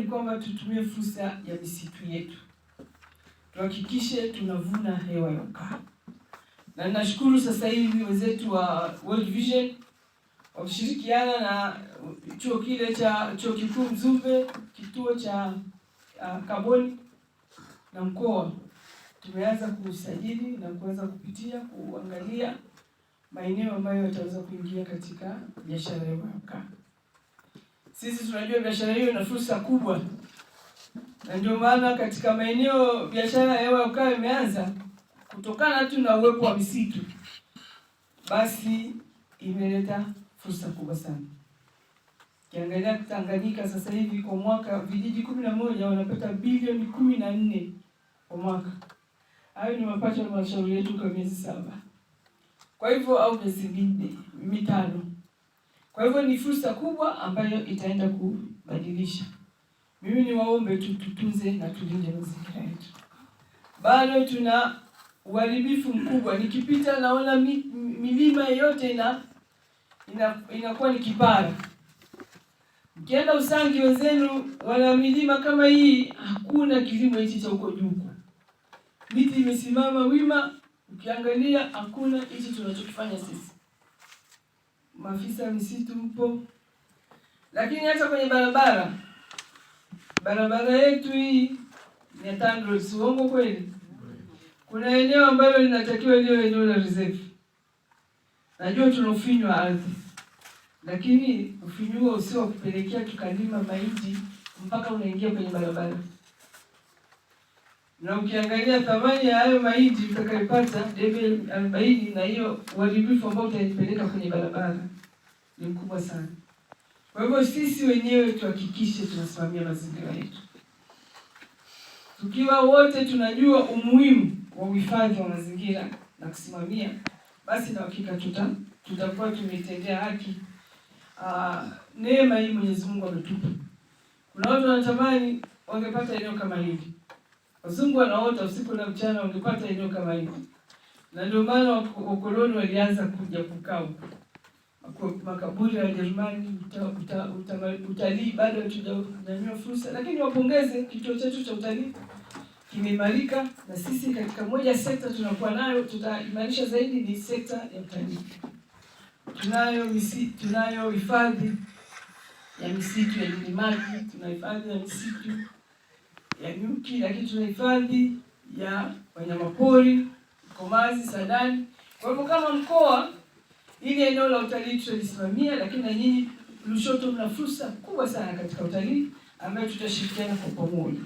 ni kwamba tutumie fursa ya misitu yetu, tuhakikishe tunavuna hewa ya ukaa. Na nashukuru sasa hivi wenzetu wa World Vision wakishirikiana na chuo kile cha chuo kikuu Mzumbe, kituo cha uh, kaboni na mkoa, tumeanza kusajili na kuanza kupitia kuangalia maeneo ambayo yataweza kuingia katika biashara ya ukaa. Sisi tunajua biashara hiyo ina fursa kubwa, na ndio maana katika maeneo biashara ya hewa ya ukaa imeanza kutokana tu na uwepo wa misitu, basi imeleta fursa kubwa sana. kiangalia Tanganyika sasa hivi kwa mwaka vijiji kumi na moja wanapata bilioni kumi na nne kwa mwaka. Hayo ni mapato ya halmashauri yetu kwa miezi saba, kwa hivyo au miezi minne mitano kwa hivyo ni fursa kubwa ambayo itaenda kubadilisha. Mimi ni waombe tu, tutunze na tulinde mazingira yetu. Bado tuna uharibifu mkubwa, nikipita naona milima yote ina inakuwa ina ni kipara. Mkienda Usangi wenzenu wana milima kama hii, hakuna kilimo hichi cha huko juu, miti imesimama wima, ukiangalia hakuna hichi tunachokifanya sisi maafisa misitu mpo, lakini hata kwenye barabara, barabara yetu hii ya TANROADS, uongo kweli? Kuna eneo ambalo linatakiwa liwe eneo la reserve. Najua tunaufinywa ardhi, lakini ufinyu huo usio kupelekea tukalima mahindi mpaka unaingia kwenye barabara na ukiangalia thamani ya hayo mahindi utakayopata debe eh, arobaini, na hiyo uharibifu ambao utaipeleka kwenye barabara ni mkubwa sana. Kwa hivyo sisi wenyewe tuhakikishe tunasimamia mazingira yetu, tukiwa wote tunajua umuhimu wa uhifadhi wa mazingira na kusimamia, basi na hakika tuta tutakuwa tumetendea haki ah, neema hii Mwenyezi Mungu ametupa. Kuna watu wanatamani wangepata eneo kama hili Wazungu wanaota usiku na mchana, wangepata eneo kama hili, na ndio maana wakoloni walianza kuja kukaa makaburi ya Wajerumani. Utalii bado hatujanyanyua fursa, lakini wapongeze kituo chetu cha utalii kimeimarika, na sisi katika moja sekta tunakuwa nayo, tutaimarisha zaidi ni sekta ya utalii. Tunayo misitu, tunayo hifadhi ya misitu ya Limaji, tuna hifadhi ya misitu ya nyuki, lakini tuna hifadhi ya wanyamapori Mkomazi, Sadani. Kwa hivyo kama mkoa, ili eneo la utalii tutalisimamia, lakini na nyinyi Lushoto mna fursa kubwa sana katika utalii ambayo tutashirikiana kwa pamoja.